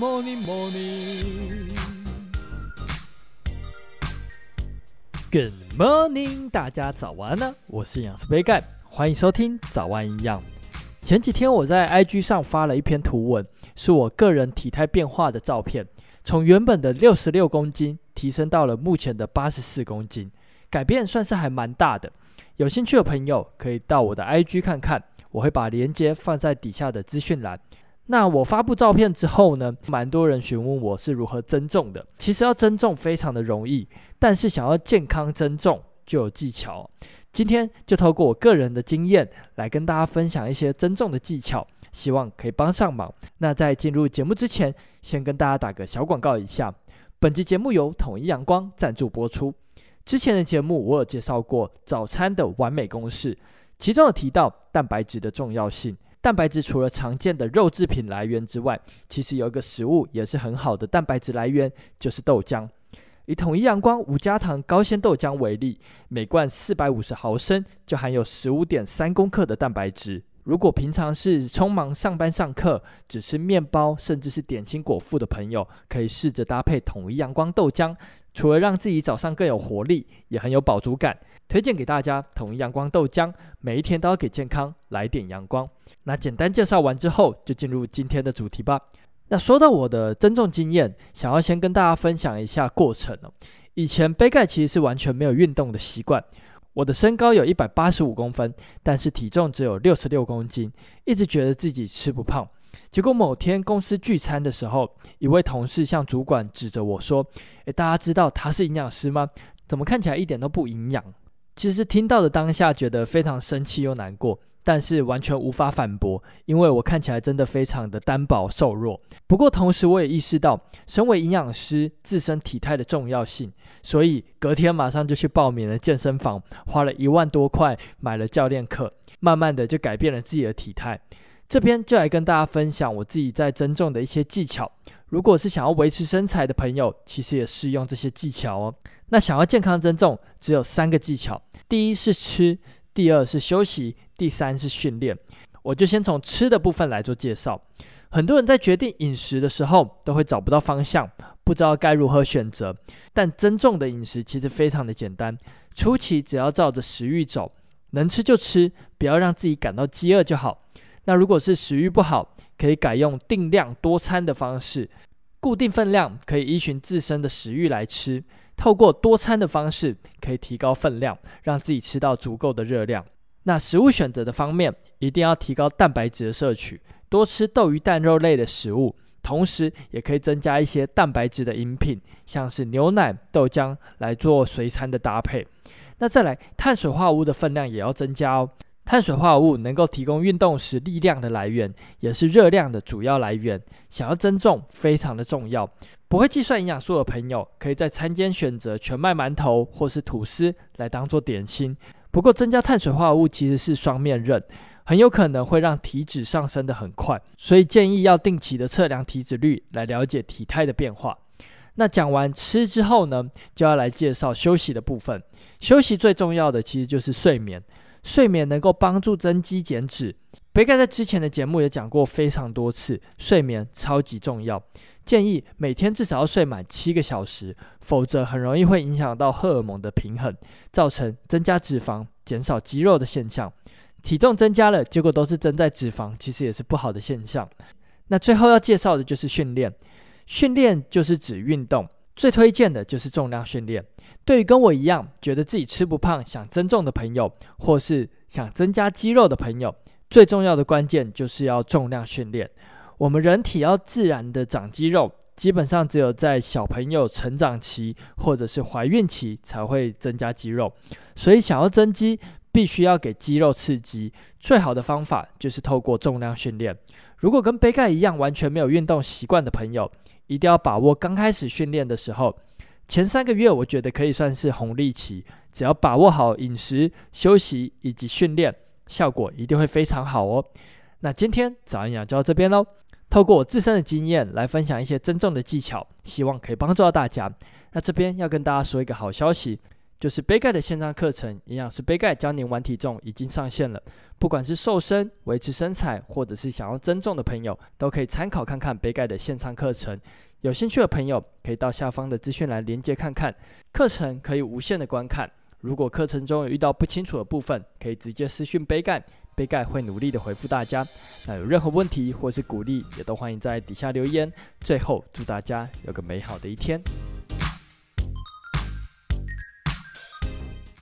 Good morning, morning. Good morning，大家早安呢、啊！我是營養師杯蓋，歡迎收聽早安營養。前幾天我在 IG 上發了一篇圖文，是我個人體態變化的照片，從原本的六十六公斤提升到了目前的八十四公斤，改變算是還蠻大的。有興趣的朋友可以到我的 IG 看看，我會把鏈接放在底下的資訊欄。那我發佈照片之後呢，蠻多人詢問我是如何增重的。其實要增重非常的容易，但是想要健康增重就有技巧。今天就透過我個人的經驗來跟大家分享一些增重的技巧，希望可以幫上忙。那在進入節目之前，先跟大家打個小廣告一下。本集節目由統一陽光贊助播出。之前的節目我有介紹過早餐的完美公式，其中有提到蛋白質的重要性。蛋白質除了常見的肉製品來源之外，其實有一個食物也是很好的蛋白質來源，就是豆漿。以統一陽光無加糖高鮮豆漿為例，每罐450毫升就含有15.3公克的蛋白質。如果平常是匆忙上班、上課，只吃麵包，甚至是點心果腹的朋友，可以試着搭配統一陽光豆漿，除了讓自己早上更有活力，也很有飽足感。推薦給大家統一陽光豆漿，每一天都要給健康來點陽光。那簡單介紹完之後，就進入今天的主題吧。那說到我的增重經驗，想要先跟大家分享一下過程哦。以前杯蓋其實是完全沒有運動的習慣。我的身高有一百八十五公分，但是體重只有六十六公斤，一直覺得自己吃不胖。結果某天公司聚餐的時候，一位同事向主管指着我說：“誒，大家知道他是營養師嗎？怎麼看起來一點都不營養？”其實聽到的當下，覺得非常生氣又難過。但是完全無法反駁，因為我看起來真的非常的單薄瘦弱。不過同時我也意識到身為營養師自身體態的重要性，所以隔天馬上就去報名了健身房，花了一萬多塊買了教練課，慢慢的就改變了自己的體態。這邊就來跟大家分享我自己在增重的一些技巧。如果是想要維持身材的朋友，其實也適用這些技巧哦。那想要健康增重，只有三個技巧：第一是吃，第二是休息。第三是訓練，我就先從吃的部分來做介紹。很多人在決定飲食的時候，都會找不到方向，不知道該如何選擇。但增重的飲食其實非常的簡單，初期只要照着食欲走，能吃就吃，不要讓自己感到飢餓就好。那如果是食欲不好，可以改用定量多餐的方式，固定分量，可以依循自身的食欲來吃。透過多餐的方式，可以提高分量，讓自己吃到足夠的熱量。那食物選擇的方面，一定要提高蛋白質的攝取，多吃豆、魚、蛋、肉類的食物，同時也可以增加一些蛋白質的飲品，像是牛奶、豆漿來做隨餐的搭配。那再來，碳水化合物的分量也要增加哦。碳水化合物能夠提供運動時力量的來源，也是熱量的主要來源。想要增重，非常的重要。不會計算營養素的朋友，可以在餐間選擇全麥饅頭或是吐司來當做點心。不過，增加碳水化合物其實是雙面刃，很有可能會讓體脂上升得很快，所以建議要定期的測量體脂率來了解體態的變化。那講完吃之後呢，就要來介紹休息的部分。休息最重要的其實就是睡眠。睡眠能夠幫助增肌減脂，杯蓋在之前的節目也講過非常多次，睡眠超級重要，建議每天至少要睡滿七個小時，否則很容易會影響到荷爾蒙的平衡，造成增加脂肪、減少肌肉的現象，體重增加了，結果都是增在脂肪，其實也是不好的現象。那最後要介紹的就是訓練，訓練就是指運動。最推薦的就是重量訓練。對於跟我一樣覺得自己吃不胖、想增重的朋友，或是想增加肌肉的朋友，最重要的關鍵就是要重量訓練。我們人體要自然的長肌肉，基本上只有在小朋友成長期或者是懷孕期才會增加肌肉。所以想要增肌，必須要給肌肉刺激，最好的方法就是透過重量訓練。如果跟杯蓋一樣完全沒有運動習慣的朋友，一定要把握剛開始訓練的時候，前三個月我覺得可以算是紅利期，只要把握好飲食、休息以及訓練，效果一定會非常好哦。那今天早安營養就到這邊嘍，透過我自身的經驗來分享一些增重的技巧，希望可以幫助到大家。那這邊要跟大家說一個好消息。就是杯蓋的線上課程，營養師杯蓋教您玩體重已經上線了。不管是瘦身、維持身材，或者是想要增重的朋友，都可以參考看看杯蓋的線上課程。有興趣的朋友可以到下方的資訊欄連結看看，課程可以無限的觀看。如果課程中有遇到不清楚的部分，可以直接私訊杯蓋，杯蓋會努力的回復大家。那有任何問題或是鼓勵，也都歡迎在底下留言。最後，祝大家有個美好的一天。